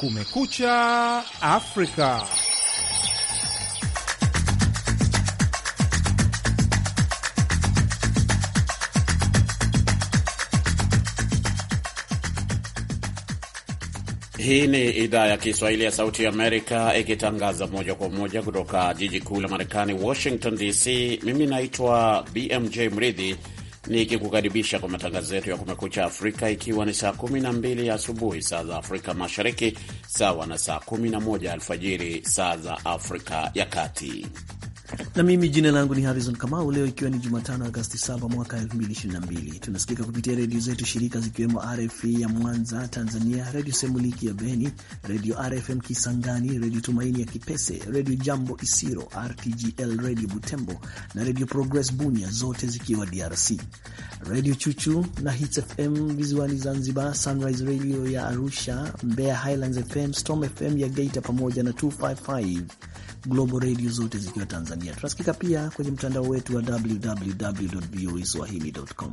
Kumekucha Afrika. Hii ni idhaa ya Kiswahili ya Sauti ya Amerika ikitangaza moja kwa moja kutoka jiji kuu la Marekani, Washington DC. Mimi naitwa BMJ Mridhi nikikukaribisha kwa matangazo yetu ya Kumekucha Afrika, ikiwa ni saa na mbili asubuhi saa za Afrika Mashariki, sawa na saa moja alfajiri saa za Afrika ya Kati na mimi jina langu ni Harrison Kamau. Leo ikiwa ni Jumatano, Agosti 7 mwaka 2022, tunasikika kupitia redio zetu shirika zikiwemo RFA ya Mwanza Tanzania, redio Semuliki ya Beni, redio RFM Kisangani, redio Tumaini ya Kipese, redio Jambo Isiro, RTGL redio Butembo na redio Progress Bunia, zote zikiwa DRC, redio Chuchu na Hits FM visiwani Zanzibar, Sunrise radio ya Arusha, Mbeya Highlands FM, Storm FM ya Geita pamoja na 255 Global Radio zote zikiwa Tanzania. Tunasikika pia kwenye mtandao wetu wa www voa swahili.com.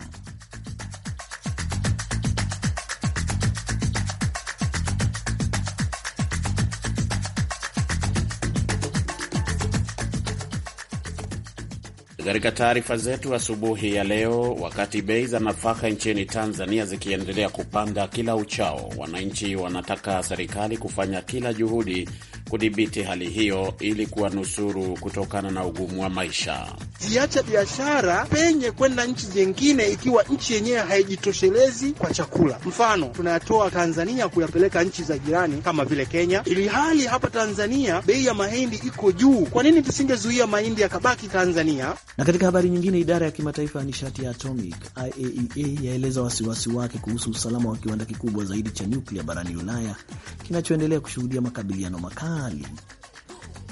Katika taarifa zetu asubuhi ya leo, wakati bei za nafaka nchini Tanzania zikiendelea kupanda kila uchao, wananchi wanataka serikali kufanya kila juhudi kudhibiti hali hiyo ili kuwanusuru kutokana na ugumu wa maisha. Ziacha biashara penye kwenda nchi zingine ikiwa nchi yenyewe haijitoshelezi kwa chakula. Mfano, tunayatoa Tanzania kuyapeleka nchi za jirani kama vile Kenya, ili hali hapa Tanzania bei ya mahindi iko juu. Kwa nini tusingezuia mahindi yakabaki Tanzania? Na katika habari nyingine, idara ya kimataifa ya nishati ya atomic IAEA e yaeleza wasiwasi wake kuhusu usalama wa kiwanda kikubwa zaidi cha nyuklia barani Ulaya kinachoendelea kushuhudia makabiliano makali Mali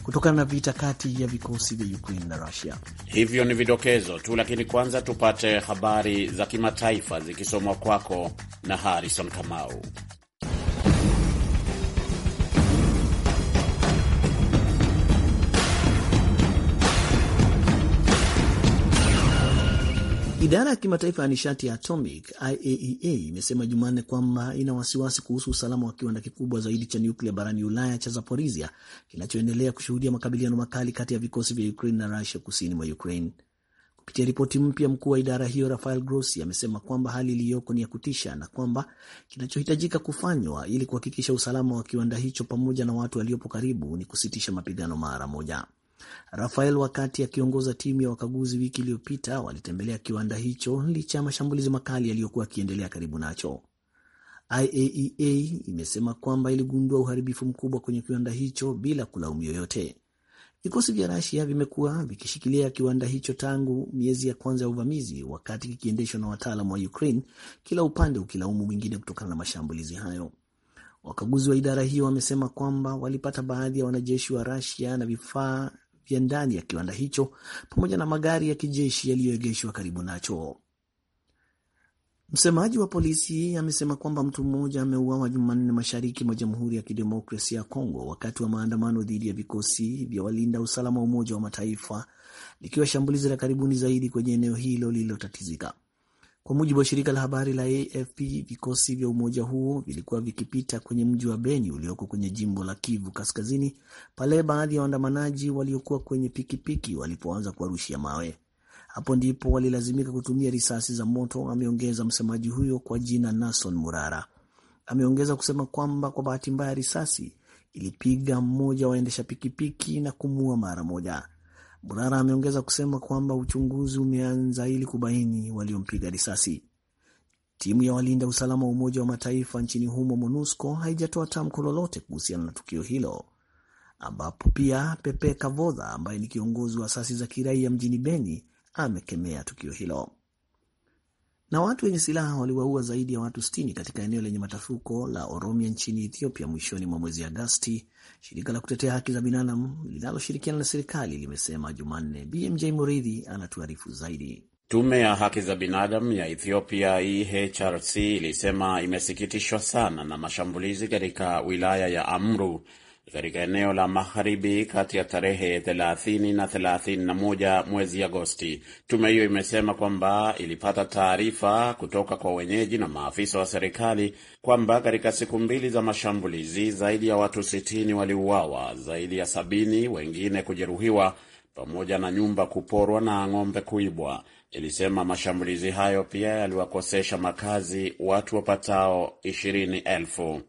kutokana na vita kati ya vikosi vya Ukraine na Rusia. Hivyo ni vidokezo tu, lakini kwanza tupate habari za kimataifa zikisomwa kwako na Harrison Kamau. Idara ya kimataifa ya nishati ya atomic IAEA e imesema Jumanne kwamba ina wasiwasi kuhusu usalama wa kiwanda kikubwa zaidi cha nyuklia barani Ulaya cha Zaporizhia kinachoendelea kushuhudia makabiliano makali kati ya vikosi vya Ukraine na rasia kusini mwa Ukraine. Kupitia ripoti mpya, mkuu wa idara hiyo Rafael Grossi amesema kwamba hali iliyoko ni ya kutisha na kwamba kinachohitajika kufanywa ili kuhakikisha usalama wa kiwanda hicho pamoja na watu waliopo karibu ni kusitisha mapigano mara moja. Rafael wakati akiongoza timu ya wakaguzi wiki iliyopita walitembelea kiwanda hicho licha ya mashambulizi makali yaliyokuwa yakiendelea karibu nacho. IAEA e imesema kwamba iligundua uharibifu mkubwa kwenye kiwanda hicho bila kulaumu yoyote. Vikosi vya Rasia vimekuwa vikishikilia kiwanda hicho tangu miezi ya kwanza ya uvamizi, wakati kikiendeshwa na wataalam wa Ukraine, kila upande ukilaumu mwingine kutokana na mashambulizi hayo. Wakaguzi wa idara hiyo wamesema kwamba walipata baadhi ya wanajeshi wa Rasia na vifaa ya ndani ya kiwanda hicho pamoja na magari ya kijeshi yaliyoegeshwa karibu nacho. Msemaji wa polisi amesema kwamba mtu mmoja ameuawa Jumanne mashariki mwa Jamhuri ya Kidemokrasia ya Kongo wakati wa maandamano dhidi ya vikosi vya walinda usalama wa Umoja wa Mataifa, likiwa shambulizi la karibuni zaidi kwenye eneo hilo lililotatizika. Kwa mujibu wa shirika la habari la AFP, vikosi vya umoja huo vilikuwa vikipita kwenye mji wa Beni ulioko kwenye jimbo la Kivu Kaskazini pale baadhi ya waandamanaji waliokuwa kwenye pikipiki walipoanza kuwarushia mawe. Hapo ndipo walilazimika kutumia risasi za moto, ameongeza msemaji huyo kwa jina Nason Murara. Ameongeza kusema kwamba kwa bahati mbaya risasi ilipiga mmoja waendesha pikipiki na kumua mara moja. Burara ameongeza kusema kwamba uchunguzi umeanza ili kubaini waliompiga risasi. Timu ya walinda usalama wa Umoja wa Mataifa nchini humo MONUSCO haijatoa tamko lolote kuhusiana na tukio hilo, ambapo pia Pepe Kavodha ambaye ni kiongozi wa asasi za kiraia mjini Beni amekemea tukio hilo. Na watu wenye silaha waliwaua zaidi ya watu 60 katika eneo lenye matafuko la Oromia nchini Ethiopia mwishoni mwa mwezi Agasti, Shirika la kutetea haki za binadamu linaloshirikiana na serikali limesema Jumanne. BMJ Muridhi anatuarifu zaidi. Tume ya haki za binadamu ya Ethiopia, EHRC, ilisema imesikitishwa sana na mashambulizi katika wilaya ya Amru katika eneo la magharibi kati ya tarehe 30 na 31 mwezi Agosti. Tume hiyo imesema kwamba ilipata taarifa kutoka kwa wenyeji na maafisa wa serikali kwamba katika siku mbili za mashambulizi zaidi ya watu 60 waliuawa, zaidi ya sabini wengine kujeruhiwa, pamoja na nyumba kuporwa na ng'ombe kuibwa. Ilisema mashambulizi hayo pia yaliwakosesha makazi watu wapatao elfu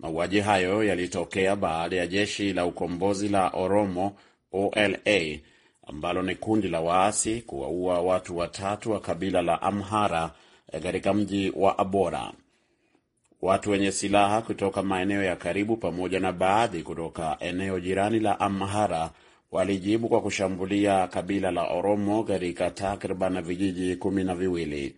Mauaji hayo yalitokea baada ya jeshi la ukombozi la Oromo OLA ambalo ni kundi la waasi kuwaua watu watatu wa kabila la Amhara eh, katika mji wa Abora. Watu wenye silaha kutoka maeneo ya karibu pamoja na baadhi kutoka eneo jirani la Amhara walijibu kwa kushambulia kabila la Oromo katika takriban vijiji kumi na viwili.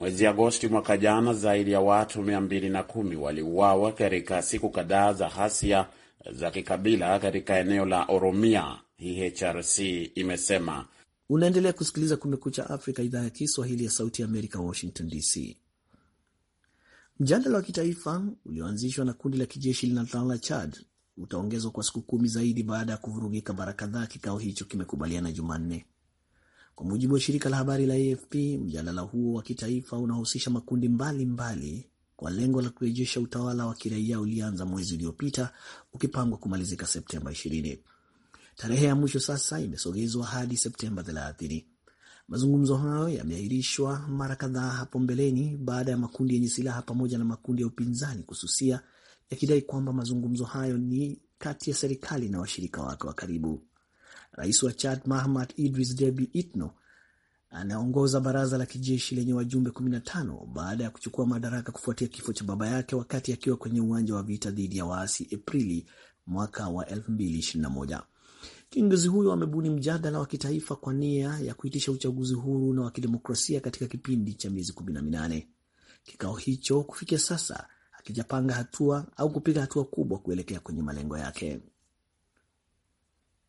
Mwezi Agosti mwaka jana, zaidi ya watu 210 waliuawa katika siku kadhaa za hasia za kikabila katika eneo la Oromia, IHRC e imesema. Unaendelea kusikiliza Kumekucha Afrika, idhaa ya Kiswahili ya Sauti ya Amerika, Washington DC. Mjadala wa kitaifa ulioanzishwa na kundi la kijeshi linalotawala Chad utaongezwa kwa siku kumi zaidi baada ya kuvurugika mara kadhaa. Kikao hicho kimekubaliana Jumanne kwa mujibu wa shirika la habari la AFP, mjadala huo wa kitaifa unahusisha makundi mbalimbali mbali, kwa lengo la kurejesha utawala wa kiraia ulianza mwezi uliopita ukipangwa kumalizika Septemba 20. Tarehe ya mwisho sasa imesogezwa hadi Septemba 30. Mazungumzo hayo yameahirishwa mara kadhaa hapo mbeleni baada ya makundi yenye silaha pamoja na makundi ya upinzani kususia, yakidai kwamba mazungumzo hayo ni kati ya serikali na washirika wake wa karibu. Rais wa Chad Mahamat Idris Deby Itno anaongoza baraza la kijeshi lenye wajumbe 15 baada ya kuchukua madaraka kufuatia kifo cha baba yake wakati akiwa kwenye uwanja wa vita dhidi ya waasi Aprili mwaka wa 2021. Kiongozi huyo amebuni mjadala wa kitaifa kwa nia ya kuitisha uchaguzi huru na wa kidemokrasia katika kipindi cha miezi 18. Kikao hicho kufikia sasa hakijapanga hatua au kupiga hatua kubwa kuelekea kwenye malengo yake.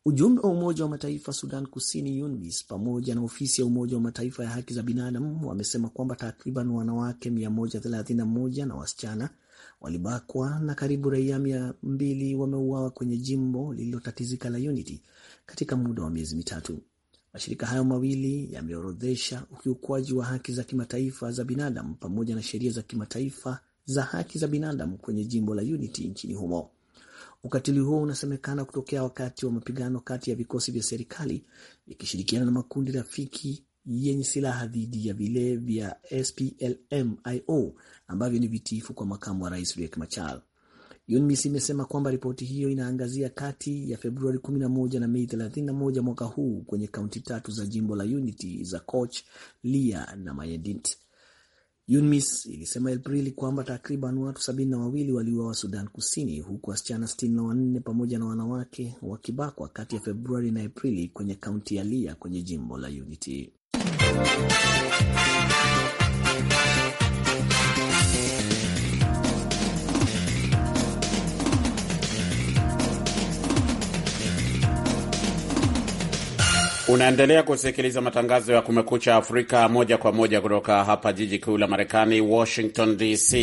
Ujumbe wa Umoja wa Mataifa Sudan Kusini, UNMISS, pamoja na ofisi ya Umoja wa Mataifa ya haki za binadamu wamesema kwamba takriban wanawake 131 na wasichana walibakwa na karibu raia mbili wameuawa kwenye jimbo lililotatizika la Unity katika muda wa miezi mitatu. Mashirika hayo mawili yameorodhesha ukiukwaji wa haki za kimataifa za binadamu pamoja na sheria za kimataifa za haki za binadamu kwenye jimbo la Unity nchini humo. Ukatili huo unasemekana kutokea wakati wa mapigano kati ya vikosi vya serikali vikishirikiana na makundi rafiki yenye silaha dhidi ya vile vya splmio ambavyo ni vitiifu kwa makamu wa rais Riek Machar. UNMISS imesema kwamba ripoti hiyo inaangazia kati ya Februari 11 na Mei 31 mwaka huu kwenye kaunti tatu za jimbo la Unity za Koch, Lia na Mayendit. UNMISS ilisema Aprili kwamba takriban watu sabini na wawili waliuawa Sudan Kusini, huku wasichana sitini na wanne pamoja na wanawake wakibakwa kati ya Februari na Aprili kwenye kaunti ya Lia kwenye jimbo la Unity. Unaendelea kusikiliza matangazo ya Kumekucha Afrika moja kwa moja kutoka hapa jiji kuu la Marekani, Washington DC.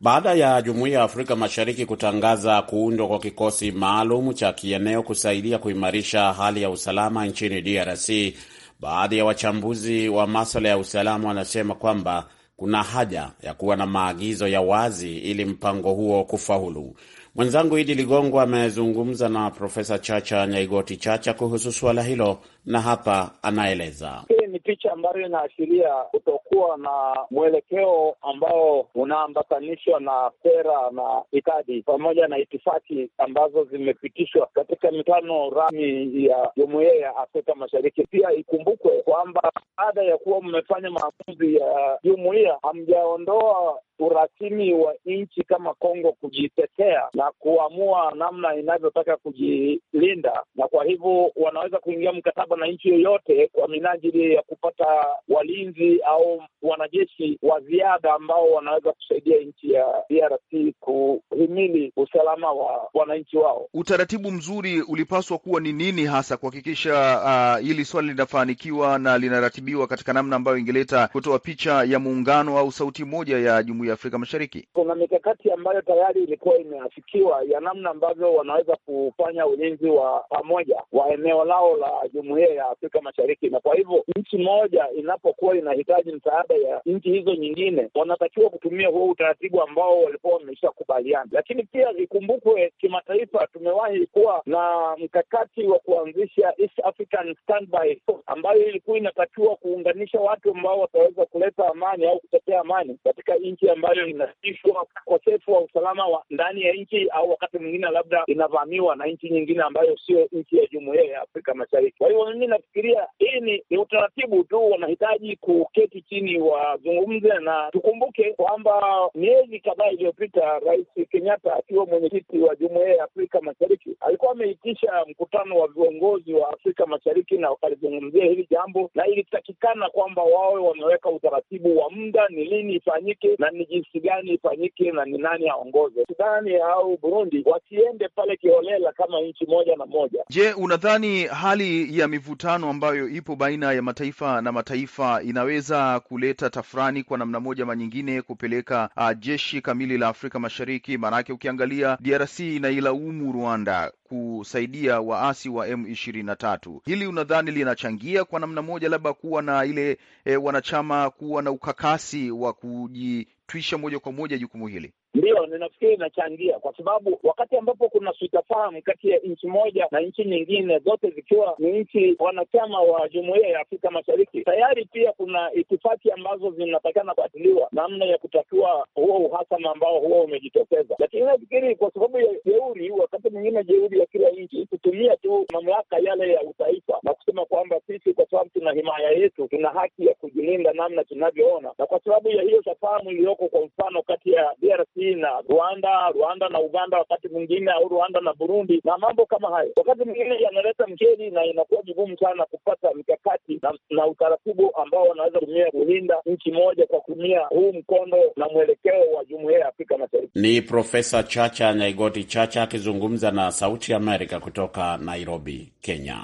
Baada ya Jumuiya ya Afrika Mashariki kutangaza kuundwa kwa kikosi maalum cha kieneo kusaidia kuimarisha hali ya usalama nchini DRC, baadhi ya wachambuzi wa maswala ya usalama wanasema kwamba kuna haja ya kuwa na maagizo ya wazi ili mpango huo kufaulu. Mwenzangu Idi Ligongo amezungumza na Profesa Chacha Nyaigoti Chacha kuhusu suala hilo na hapa anaeleza. Hii ni picha ambayo inaashiria kutokuwa na mwelekeo ambao unaambatanishwa na sera na itadi pamoja na itifaki ambazo zimepitishwa katika mitano rasmi ya jumuiya ya Afrika Mashariki. Pia ikumbukwe kwamba baada ya kuwa mmefanya maamuzi ya jumuiya, hamjaondoa urasimi wa nchi kama Kongo kujitetea na kuamua namna inavyotaka kujilinda, na kwa hivyo wanaweza kuingia mkataba mwananchi yoyote kwa minajili ya kupata walinzi au wanajeshi wa ziada ambao wanaweza kusaidia nchi ya DRC kuhimili usalama wa wananchi wao. Utaratibu mzuri ulipaswa kuwa ni nini hasa kuhakikisha uh, hili swali linafanikiwa na linaratibiwa katika namna ambayo ingeleta kutoa picha ya muungano au sauti moja ya Jumuiya ya Afrika Mashariki? Kuna mikakati ambayo tayari ilikuwa imeafikiwa ya namna ambavyo wanaweza kufanya ulinzi wa pamoja wa eneo lao la jumuiya jumuiya ya Afrika Mashariki, na kwa hivyo nchi moja inapokuwa inahitaji msaada ya nchi hizo nyingine, wanatakiwa kutumia huo utaratibu ambao walikuwa kubaliana Lakini pia ikumbukwe, kimataifa tumewahi kuwa na mkakati wa kuanzisha East African Standby ambayo ilikuwa inatakiwa kuunganisha watu ambao wataweza kuleta amani au kutetea amani katika nchi ambayo inatishwa ukosefu wa usalama wa ndani ya nchi, au wakati mwingine labda inavamiwa na nchi nyingine ambayo sio nchi ya jumuiya ya Afrika Mashariki. Kwa hiyo mimi nafikiria hii ni, ni utaratibu tu, wanahitaji kuketi chini wazungumze, na tukumbuke kwamba miezi kadhaa iliyopita Rais Kenyatta akiwa mwenyekiti wa Jumuiya ya Afrika Mashariki alikuwa ameitisha mkutano wa viongozi wa Afrika Mashariki na wakalizungumzia hili jambo, na ilitakikana kwamba wawe wameweka utaratibu wa muda, ni lini ifanyike na ni jinsi gani ifanyike na ni nani aongoze. Sudani au Burundi wasiende pale kiholela kama nchi moja na moja. Je, unadhani hali ya mivutano ambayo ipo baina ya mataifa na mataifa inaweza kuleta tafurani kwa namna moja ama nyingine, kupeleka uh, jeshi kamili la Afrika Mashariki. Maanake ukiangalia DRC inailaumu Rwanda kusaidia waasi wa M23. Hili unadhani linachangia kwa namna moja, labda kuwa na ile e, wanachama kuwa na ukakasi wa kujitwisha moja kwa moja jukumu hili? Ndiyo, ninafikiri inachangia kwa sababu wakati ambapo kuna sitafahamu kati ya nchi moja na nchi nyingine, zote zikiwa ni nchi wanachama wa jumuiya ya Afrika Mashariki, tayari pia kuna itifaki ambazo zinatakana kuatiliwa namna ya kutatua huo uhasama ambao huo umejitokeza. Lakini nafikiri kwa sababu ya jeuri, wakati mwingine jeuri ya kila nchi kutumia tu mamlaka yale ya utaifa na kusema kwamba sisi, kwa sababu tuna himaya yetu, tuna haki ya kujilinda namna tunavyoona, na kwa sababu ya hiyo tafahamu iliyoko, kwa mfano kati ya DRC na Rwanda, Rwanda na Uganda wakati mwingine, au Rwanda na Burundi na mambo kama hayo, wakati mwingine yanaleta mkeli na inakuwa vigumu sana kupata mikakati na, na utaratibu ambao wanaweza kutumia kulinda nchi moja kwa kutumia huu mkondo na mwelekeo wa jumuiya ya Afrika Mashariki. Ni Profesa Chacha Nyaigoti Chacha akizungumza na Sauti Amerika kutoka Nairobi, Kenya.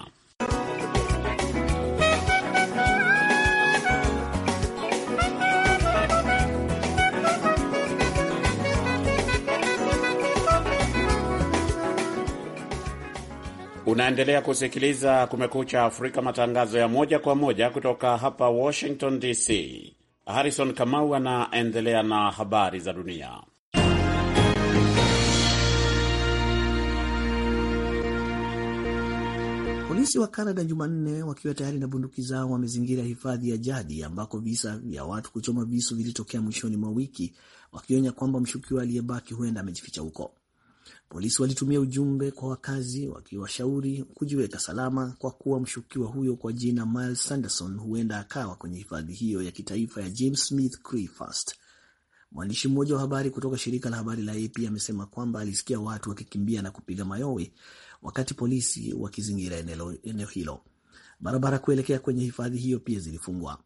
Unaendelea kusikiliza Kumekucha Afrika, matangazo ya moja kwa moja kutoka hapa Washington DC. Harrison Kamau anaendelea na habari za dunia. Polisi wa Canada Jumanne wakiwa tayari na bunduki zao wamezingira hifadhi ya jadi ambako visa vya watu kuchoma visu vilitokea mwishoni mwa wiki, wakionya kwamba mshukiwa aliyebaki huenda amejificha huko. Polisi walitumia ujumbe kwa wakazi wakiwashauri kujiweka salama kwa kuwa mshukiwa huyo kwa jina Miles Sanderson huenda akawa kwenye hifadhi hiyo ya kitaifa ya James Smith Cree First. Mwandishi mmoja wa habari kutoka shirika la habari la AP amesema kwamba alisikia watu wakikimbia na kupiga mayowe wakati polisi wakizingira eneo hilo. Barabara kuelekea kwenye hifadhi hiyo pia zilifungwa.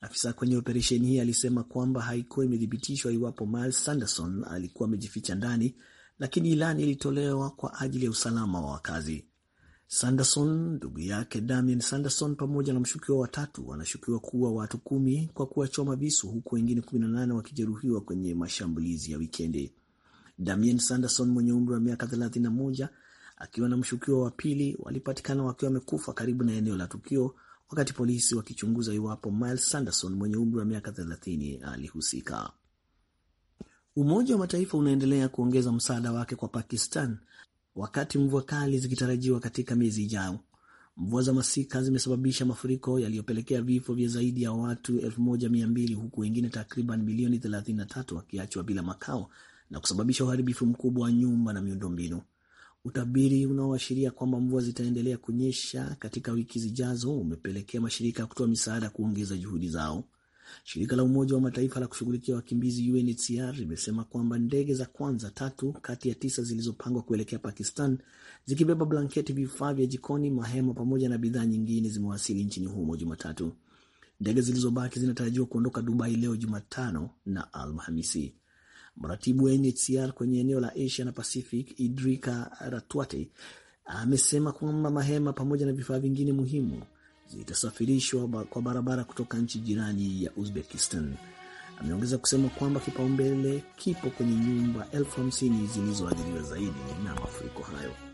Afisa kwenye operesheni hii alisema kwamba haikuwa imethibitishwa iwapo Miles Sanderson alikuwa amejificha ndani lakini ilani ilitolewa kwa ajili ya usalama wa wakazi. Sanderson, ndugu yake Damian Sanderson pamoja na mshukiwa watatu wanashukiwa kuwa watu kumi kwa kuwachoma visu, huku wengine 18 wakijeruhiwa kwenye mashambulizi ya wikendi. Damian Sanderson mwenye umri wa miaka 31 akiwa na mshukiwa wa pili walipatikana wakiwa wamekufa karibu na eneo la tukio, wakati polisi wakichunguza iwapo Miles Sanderson mwenye umri wa miaka 30 alihusika. Umoja wa Mataifa unaendelea kuongeza msaada wake kwa Pakistan wakati mvua kali zikitarajiwa katika miezi ijayo. Mvua za masika zimesababisha mafuriko yaliyopelekea vifo vya zaidi ya watu 1200 huku wengine takriban milioni 33 wakiachwa bila makao na kusababisha uharibifu mkubwa wa nyumba na miundombinu. Utabiri unaoashiria kwamba mvua zitaendelea kunyesha katika wiki zijazo umepelekea mashirika ya kutoa misaada kuongeza juhudi zao. Shirika la Umoja wa Mataifa la kushughulikia wakimbizi UNHCR limesema kwamba ndege za kwanza tatu kati ya tisa zilizopangwa kuelekea Pakistan zikibeba blanketi, vifaa vya jikoni, mahema pamoja na bidhaa nyingine zimewasili nchini humo Jumatatu. Ndege zilizobaki zinatarajiwa kuondoka Dubai leo Jumatano na Alhamisi. Mratibu wa UNHCR kwenye eneo la Asia na Pacific Idrika ratwate amesema kwamba mahema pamoja na vifaa vingine muhimu zitasafirishwa kwa barabara kutoka nchi jirani ya Uzbekistan. Ameongeza kusema kwamba kipaumbele kipo kwenye nyumba elfu hamsini zilizoathiriwa zaidi na mafuriko hayo.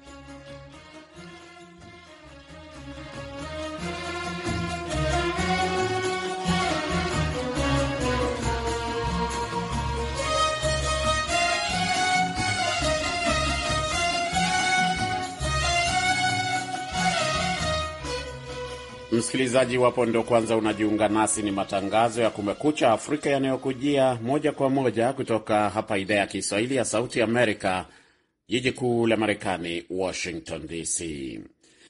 Msikilizaji wapo ndio kwanza unajiunga nasi, ni matangazo ya Kumekucha Afrika yanayokujia moja kwa moja kutoka hapa idhaa ya Kiswahili ya Sauti Amerika, jiji kuu la Marekani, Washington DC.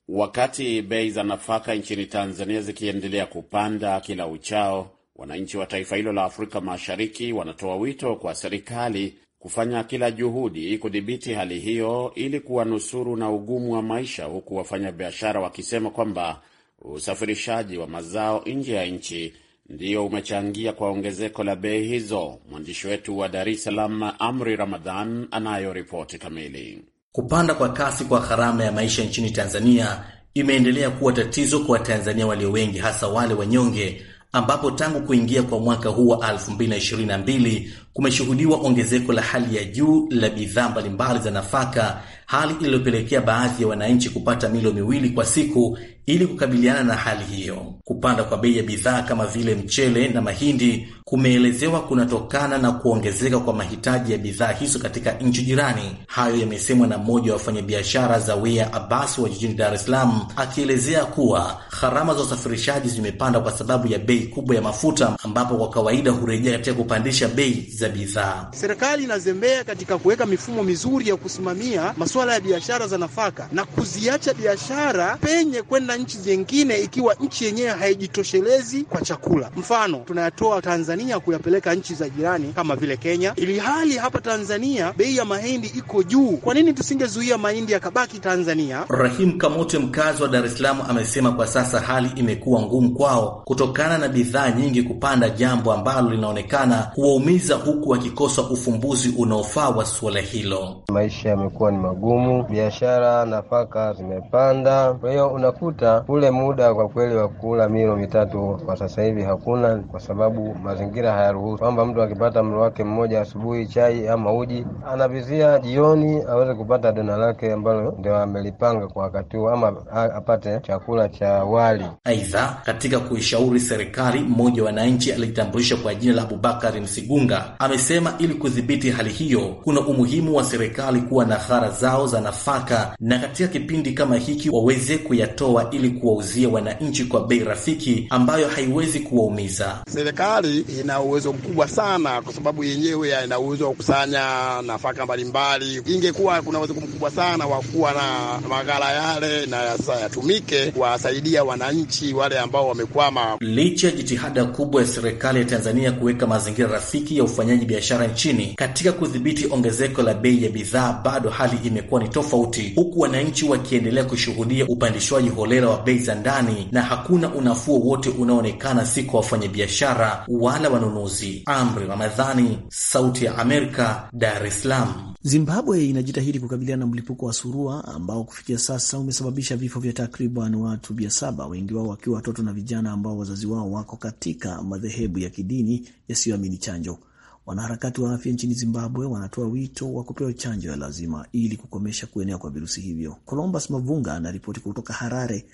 Wakati bei za nafaka nchini Tanzania zikiendelea kupanda kila uchao, wananchi wa taifa hilo la Afrika Mashariki wanatoa wito kwa serikali kufanya kila juhudi kudhibiti hali hiyo ili kuwanusuru na ugumu wa maisha, huku wafanyabiashara wakisema kwamba usafirishaji wa mazao nje ya nchi ndiyo umechangia kwa ongezeko la bei hizo. Mwandishi wetu wa Dar es Salaam, Amri Ramadhan, anayo ripoti kamili. Kupanda kwa kasi kwa gharama ya maisha nchini Tanzania imeendelea kuwa tatizo kwa Watanzania walio wengi, hasa wale wanyonge, ambapo tangu kuingia kwa mwaka huu wa 2022 kumeshuhudiwa ongezeko la hali ya juu la bidhaa mbalimbali za nafaka, hali iliyopelekea baadhi ya wananchi kupata milo miwili kwa siku ili kukabiliana na hali hiyo. Kupanda kwa bei ya bidhaa kama vile mchele na mahindi kumeelezewa kunatokana na kuongezeka kwa mahitaji ya bidhaa hizo katika nchi jirani. Hayo yamesemwa na mmoja wa wafanyabiashara Zawia Abbas wa jijini Dar es Salaam, akielezea kuwa gharama za usafirishaji zimepanda kwa sababu ya bei kubwa ya mafuta, ambapo kwa kawaida hurejea katika kupandisha bei za bidhaa. Serikali inazembea katika kuweka mifumo mizuri ya kusimamia masuala ya biashara za nafaka na kuziacha biashara penye kwenda nchi zingine, ikiwa nchi yenyewe haijitoshelezi kwa chakula. Mfano, tunayatoa Tanzania kuyapeleka nchi za jirani kama vile Kenya, ili hali hapa Tanzania bei ya mahindi iko juu. Kwa nini tusingezuia mahindi yakabaki Tanzania? Rahim Kamote, mkazi wa Dar es Salaam, amesema kwa sasa hali imekuwa ngumu kwao kutokana na bidhaa nyingi kupanda, jambo ambalo linaonekana kuwaumiza huku wakikosa ufumbuzi unaofaa wa suala hilo. Maisha yamekuwa ni magumu, biashara, nafaka zimepanda, kwa hiyo unakuta ule muda kwa kweli wa kula milo mitatu kwa sasa hivi hakuna, kwa sababu mazingira hayaruhusu kwamba mtu akipata mlo wake mmoja asubuhi, chai ama uji, anavizia jioni aweze kupata dona lake ambalo ndio amelipanga kwa wakati huo, ama apate chakula cha wali. Aidha, katika kuishauri serikali, mmoja wa wananchi alitambulisha kwa jina la Abubakari Msigunga amesema ili kudhibiti hali hiyo kuna umuhimu wa serikali kuwa na ghara zao za nafaka na katika kipindi kama hiki waweze kuyatoa ili kuwauzia wananchi kwa bei rafiki ambayo haiwezi kuwaumiza. Serikali ina uwezo mkubwa sana, kwa sababu yenyewe ina uwezo wa kukusanya nafaka mbalimbali. Ingekuwa kuna uwezo mkubwa sana wa kuwa na maghala yale na sasa yatumike kuwasaidia wananchi wale ambao wamekwama. Licha ya jitihada kubwa ya serikali ya Tanzania kuweka mazingira rafiki ya ufanyaji wafanyaji biashara nchini katika kudhibiti ongezeko la bei ya bidhaa, bado hali imekuwa ni tofauti, huku wananchi wakiendelea kushuhudia upandishwaji holela wa bei za ndani na hakuna unafuu wowote unaoonekana, si kwa wafanyabiashara wala wanunuzi. Amri Ramadhani, Sauti ya Amerika, Dar es Salaam. Zimbabwe inajitahidi kukabiliana na mlipuko wa surua ambao kufikia sasa umesababisha vifo vya takriban watu mia saba, wengi wao wakiwa watoto na vijana ambao wazazi wao wako katika madhehebu ya kidini yasiyoamini chanjo. Wanaharakati wa afya nchini Zimbabwe wanatoa wito wa kupewa chanjo ya lazima ili kukomesha kuenea kwa virusi hivyo. Columbus Mavunga anaripoti kutoka Harare,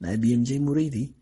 naye BMJ Muridhi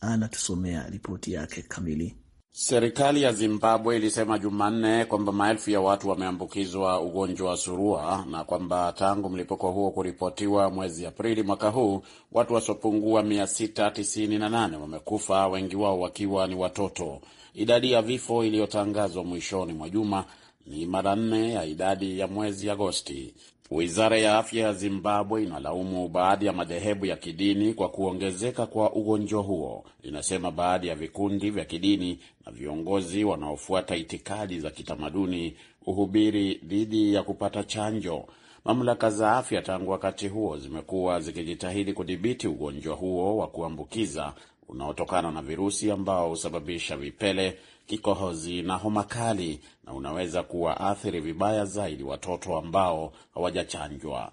anatusomea ripoti yake kamili. Serikali ya Zimbabwe ilisema Jumanne kwamba maelfu ya watu wameambukizwa ugonjwa wa surua na kwamba tangu mlipuko huo kuripotiwa mwezi Aprili mwaka huu watu wasiopungua 698 wamekufa, wengi wao wakiwa ni watoto. Idadi ya vifo iliyotangazwa mwishoni mwa juma ni mara nne ya idadi ya mwezi Agosti. Wizara ya afya ya Zimbabwe inalaumu baadhi ya madhehebu ya kidini kwa kuongezeka kwa ugonjwa huo. Inasema baadhi ya vikundi vya kidini na viongozi wanaofuata itikadi za kitamaduni uhubiri dhidi ya kupata chanjo. Mamlaka za afya tangu wakati huo zimekuwa zikijitahidi kudhibiti ugonjwa huo wa kuambukiza unaotokana na virusi ambao husababisha vipele kikohozi na homa kali, na unaweza kuwaathiri vibaya zaidi watoto ambao hawajachanjwa.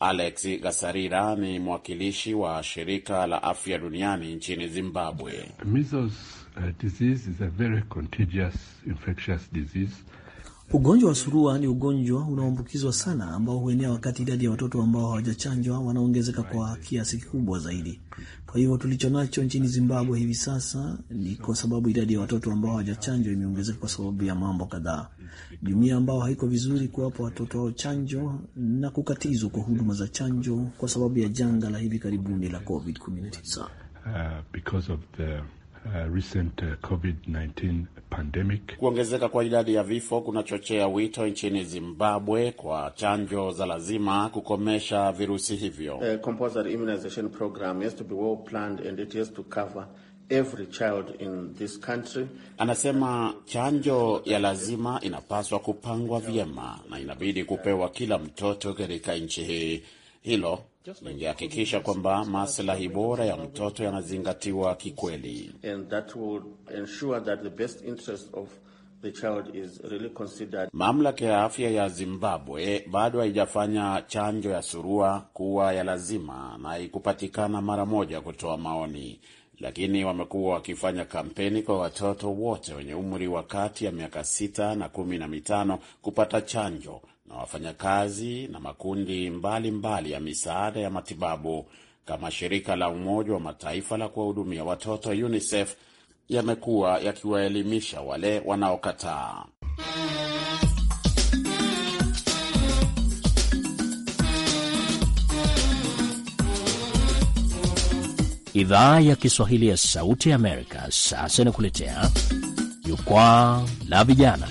Alex Gasarira ni mwakilishi wa shirika la afya duniani nchini Zimbabwe. Measles, uh, disease is a very contagious infectious disease. Ugonjwa wa surua ni ugonjwa unaoambukizwa sana ambao huenea wakati idadi ya watoto ambao hawajachanjwa wanaongezeka kwa kiasi kikubwa zaidi. Kwa hivyo tulicho nacho nchini Zimbabwe hivi sasa ni kwa sababu idadi ya watoto ambao hawajachanjwa imeongezeka kwa sababu ya mambo kadhaa. Jumuiya ambao haiko vizuri kuwapa watoto wao chanjo na kukatizwa kwa huduma za chanjo kwa sababu ya janga la hivi karibuni la COVID-19. Uh, because of the Uh, recent, uh, COVID-19 pandemic. Kuongezeka kwa idadi ya vifo kunachochea wito nchini Zimbabwe kwa chanjo za lazima kukomesha virusi hivyo. Uh, compulsory immunization program has to be well planned and it has to cover every child in this country. Anasema chanjo ya lazima inapaswa kupangwa vyema na inabidi kupewa kila mtoto katika nchi hii hilo lingehakikisha kwamba maslahi bora ya mtoto yanazingatiwa kikweli. Really mamlaka ya afya ya Zimbabwe bado haijafanya chanjo ya surua kuwa ya lazima na ikupatikana mara moja kutoa maoni, lakini wamekuwa wakifanya kampeni kwa watoto wote wenye umri wa kati ya miaka sita na kumi na mitano kupata chanjo na wafanyakazi na makundi mbalimbali mbali ya misaada ya matibabu kama shirika la Umoja wa Mataifa la kuwahudumia watoto UNICEF yamekuwa yakiwaelimisha wale wanaokataa. Idhaa ya Kiswahili ya Sauti ya Amerika sasa inakuletea Jukwaa la Vijana.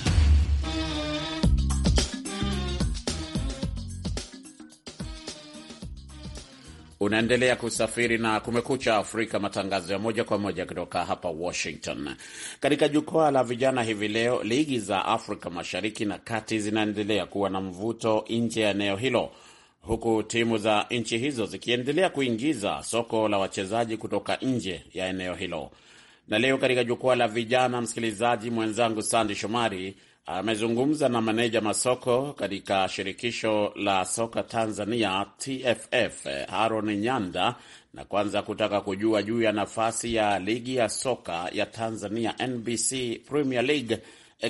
Unaendelea kusafiri na Kumekucha Afrika, matangazo ya moja kwa moja kutoka hapa Washington. Katika jukwaa la vijana hivi leo, ligi za Afrika Mashariki na Kati zinaendelea kuwa na mvuto nje ya eneo hilo, huku timu za nchi hizo zikiendelea kuingiza soko la wachezaji kutoka nje ya eneo hilo. Na leo katika jukwaa la vijana, msikilizaji mwenzangu Sandi Shomari amezungumza na maneja masoko katika shirikisho la soka Tanzania TFF Haron Nyanda, na kwanza kutaka kujua juu ya nafasi ya ligi ya soka ya Tanzania NBC Premier League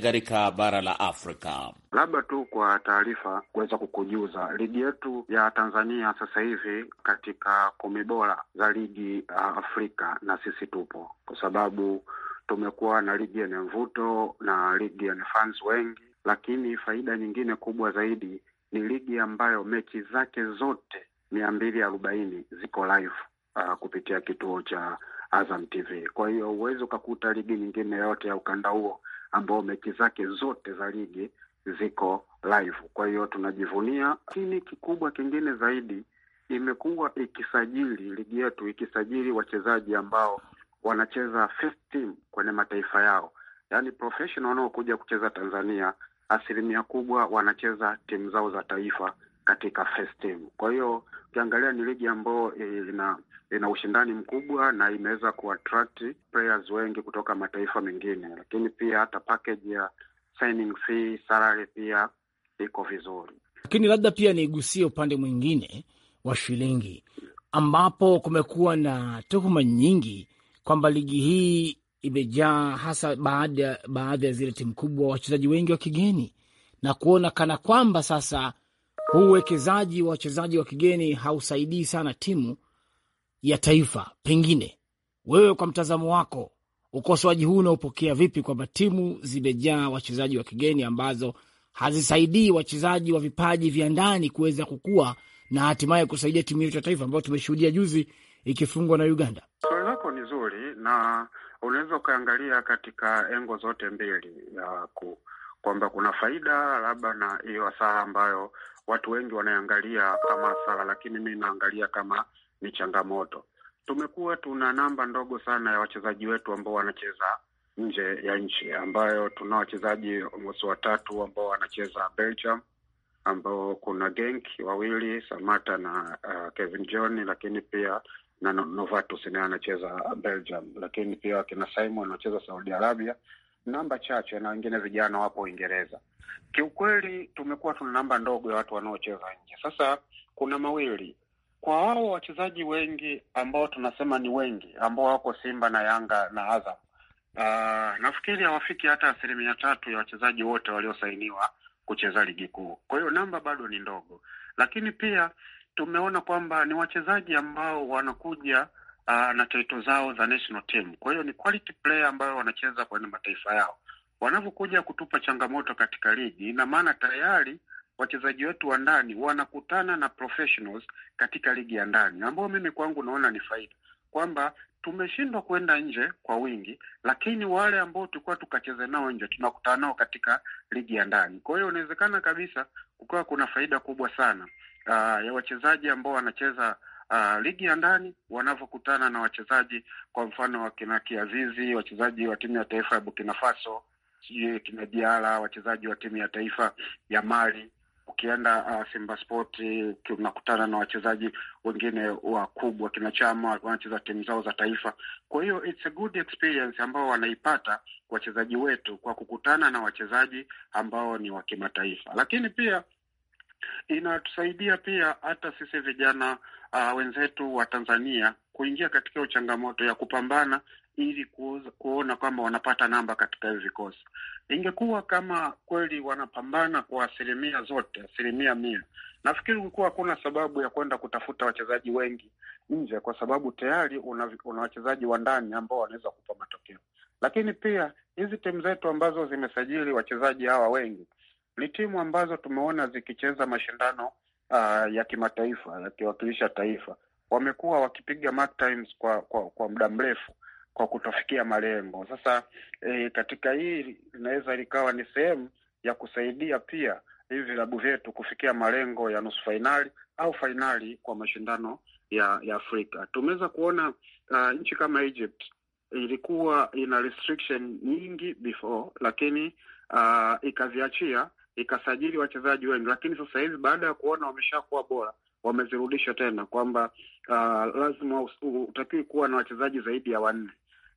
katika bara la Afrika. Labda tu kwa taarifa kuweza kukujuza, ligi yetu ya Tanzania sasa hivi katika kumi bora za ligi Afrika na sisi tupo, kwa sababu tumekuwa na ligi yenye mvuto na ligi yenye fans wengi, lakini faida nyingine kubwa zaidi ni ligi ambayo mechi zake zote mia mbili arobaini ziko live uh, kupitia kituo cha Azam TV. Kwa hiyo huwezi ukakuta ligi nyingine yote ya ukanda huo ambao mechi zake zote za ligi ziko live. Kwa hiyo tunajivunia, lakini kikubwa kingine zaidi imekuwa ikisajili ligi yetu ikisajili wachezaji ambao wanacheza first team kwenye mataifa yao, yaani professional wanaokuja kucheza Tanzania asilimia kubwa wanacheza timu zao za taifa katika first team. Kwa hiyo ukiangalia ni ligi ambayo eh, ina ina ushindani mkubwa na imeweza kuattract players wengi kutoka mataifa mengine, lakini pia hata package ya signing fee, salary pia iko vizuri. Lakini labda pia niigusie upande mwingine wa shilingi, ambapo kumekuwa na tuhuma nyingi kwamba ligi hii imejaa hasa baadhi ya zile timu kubwa, wachezaji wengi wa kigeni, na kuona kana kwamba sasa huu uwekezaji wa wachezaji wa kigeni hausaidii sana timu ya taifa. Pengine wewe, kwa mtazamo wako, ukosoaji huu unaopokea vipi, kwamba timu zimejaa wachezaji wa kigeni ambazo hazisaidii wachezaji wa vipaji vya ndani kuweza kukua na hatimaye kusaidia timu yetu ya taifa ambayo tumeshuhudia juzi ikifungwa na Uganda na unaweza ukaangalia katika engo zote mbili ya ku kwamba kuna faida labda na hiyo hasara ambayo watu wengi wanaangalia kama hasara, lakini mi naangalia kama ni changamoto. Tumekuwa tuna namba ndogo sana ya wachezaji wetu ambao wanacheza nje ya nchi, ambayo tuna wachezaji almost watatu ambao wanacheza Belgium ambao kuna Genk wawili Samata na uh, Kevin John, lakini pia na Novatus naye anacheza Belgium, lakini pia wakina Simon anacheza Saudi Arabia, namba chache na wengine vijana wapo Uingereza. Kiukweli tumekuwa tuna namba ndogo ya watu wanaocheza nje. Sasa kuna mawili kwa wao wachezaji wengi ambao tunasema ni wengi ambao wako Simba na Yanga na Azam, uh, nafikiri hawafiki hata asilimia tatu ya wachezaji wote waliosainiwa kucheza ligi kuu. Kwa hiyo namba bado ni ndogo, lakini pia tumeona kwamba ni wachezaji ambao wanakuja uh, na taito zao za national team. Kwa hiyo ni quality player ambayo wanacheza kwenye mataifa yao, wanavyokuja kutupa changamoto katika ligi, ina maana tayari wachezaji wetu wa ndani wanakutana na professionals katika ligi ya ndani, ambao mimi kwangu naona ni faida kwamba tumeshindwa kuenda nje kwa wingi, lakini wale ambao tulikuwa tukacheze nao nje tunakutana nao katika ligi ya ndani. Kwa hiyo inawezekana kabisa kukawa kuna faida kubwa sana uh, ya wachezaji ambao wanacheza Uh, ligi ya ndani wanavyokutana na wachezaji kwa mfano wakina Kiazizi, wachezaji wa timu ya taifa ya Burkina Faso, sijui kina Diala, wachezaji wa timu ya taifa ya Mali ukienda uh, Simba Sport unakutana na wachezaji wengine wakubwa kinachama, wanacheza timu zao za taifa. Kwa hiyo it's a good experience ambao wanaipata wachezaji wetu kwa kukutana na wachezaji ambao ni wa kimataifa, lakini pia inatusaidia pia hata sisi vijana uh, wenzetu wa Tanzania kuingia katika changamoto ya kupambana ili kuona kwamba wanapata namba katika hivi vikosi. Ingekuwa kama kweli wanapambana kwa asilimia zote, asilimia mia, nafikiri ulikuwa hakuna sababu ya kwenda kutafuta wachezaji wengi nje, kwa sababu tayari una, una wachezaji wa ndani ambao wanaweza kupa matokeo. Lakini pia hizi timu zetu ambazo zimesajili wachezaji hawa wengi ni timu ambazo tumeona zikicheza mashindano uh, ya kimataifa yakiwakilisha taifa, wamekuwa wakipiga mark times kwa kwa, kwa muda mrefu kwa kutofikia malengo. Sasa e, katika hii linaweza likawa ni sehemu ya kusaidia pia hivi vilabu vyetu kufikia malengo ya nusu fainali au fainali kwa mashindano ya, ya Afrika. Tumeweza kuona uh, nchi kama Egypt ilikuwa ina restriction nyingi before, lakini uh, ikaziachia ikasajili wachezaji wengi, lakini sasa hivi baada ya kuona wameshakuwa bora wamezirudisha tena kwamba uh, lazima utakiwi kuwa na wachezaji zaidi ya wanne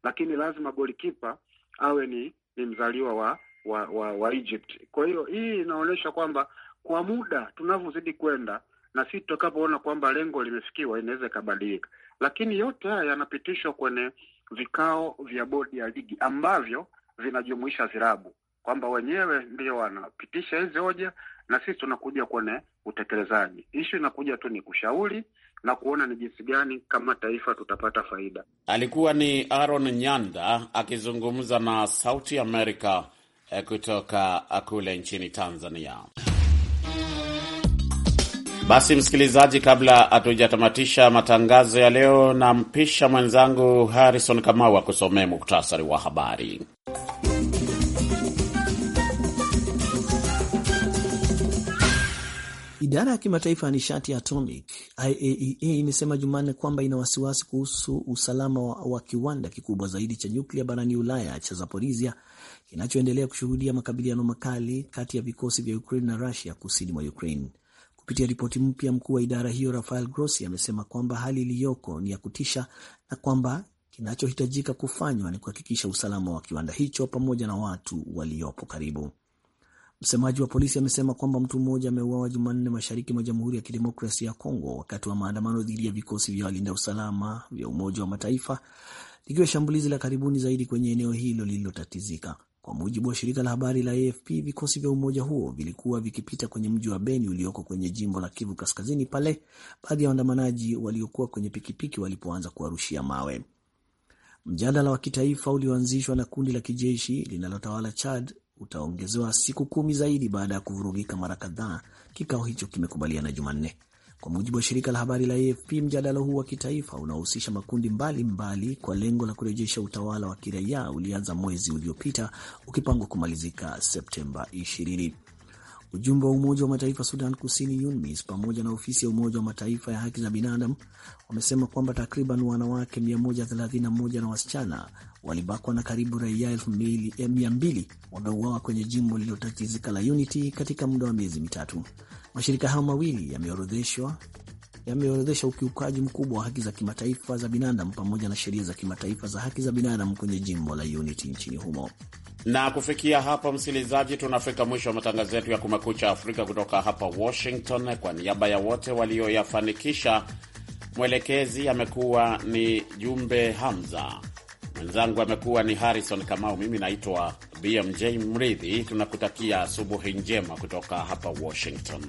lakini lazima golikipa awe ni, ni mzaliwa wa wa, wa wa Egypt. Kwa hiyo hii inaonyesha kwamba kwa muda tunavyozidi kwenda na sisi tutakapoona kwamba lengo limefikiwa inaweza ikabadilika, lakini yote haya yanapitishwa kwenye vikao vya bodi ya ligi ambavyo vinajumuisha vilabu kwamba wenyewe ndio wanapitisha hizi hoja na sisi tunakuja kwenye utekelezaji. Ishu inakuja tu ni kushauri na kuona ni jinsi gani kama taifa tutapata faida. Alikuwa ni Aaron Nyanda akizungumza na Sauti Amerika eh, kutoka eh, kule nchini Tanzania. Basi msikilizaji, kabla hatujatamatisha matangazo ya leo, nampisha mwenzangu Harrison Kamau akusomee muktasari wa habari. Idara ya kimataifa ya nishati ya atomic IAEA e imesema Jumanne kwamba ina wasiwasi kuhusu usalama wa, wa kiwanda kikubwa zaidi cha nyuklia barani Ulaya cha Zaporizhia kinachoendelea kushuhudia makabiliano makali kati ya vikosi vya Ukraine na Rusia kusini mwa Ukraine. Kupitia ripoti mpya, mkuu wa idara hiyo Rafael Grossi amesema kwamba hali iliyoko ni ya kutisha na kwamba kinachohitajika kufanywa ni kuhakikisha usalama wa kiwanda hicho pamoja na watu waliopo karibu. Msemaji wa polisi amesema kwamba mtu mmoja ameuawa Jumanne mashariki mwa Jamhuri ya Kidemokrasia ya Kongo wakati wa maandamano dhidi ya vikosi vya walinda usalama vya Umoja wa Mataifa, likiwa shambulizi la karibuni zaidi kwenye eneo hilo lililotatizika. Kwa mujibu wa shirika la habari la AFP, vikosi vya umoja huo vilikuwa vikipita kwenye mji wa Beni ulioko kwenye jimbo la Kivu Kaskazini pale baadhi ya waandamanaji waliokuwa kwenye pikipiki walipoanza kuwarushia mawe. Mjadala wa kitaifa ulioanzishwa na kundi la kijeshi linalotawala Chad utaongezewa siku kumi zaidi baada ya kuvurugika mara kadhaa, kikao hicho kimekubaliana Jumanne. Kwa mujibu wa shirika la habari la AFP, mjadala huu wa kitaifa unahusisha makundi mbalimbali mbali kwa lengo la kurejesha utawala wa kiraia ulianza mwezi uliopita ukipangwa kumalizika Septemba 20. Ujumbe wa Umoja wa Mataifa Sudan Kusini, UNMISS, pamoja na ofisi ya Umoja wa Mataifa ya haki za binadamu wamesema kwamba takriban wanawake 131 na wasichana walibakwa na karibu raia 200 eh, wameuawa kwenye jimbo lililotatizika la Unity katika muda wa miezi mitatu. Mashirika hayo mawili yameorodheshwa yameorodhesha ukiukaji mkubwa wa haki za kimataifa za binadamu pamoja na sheria za kimataifa za haki za binadamu kwenye jimbo la Unity nchini humo. Na kufikia hapa, msikilizaji, tunafika mwisho wa matangazo yetu ya Kumekucha Afrika kutoka hapa Washington. Kwa niaba ya wote walioyafanikisha, mwelekezi amekuwa ni Jumbe Hamza, mwenzangu amekuwa ni Harrison Kamau, mimi naitwa BMJ Mridhi. Tunakutakia asubuhi njema kutoka hapa Washington.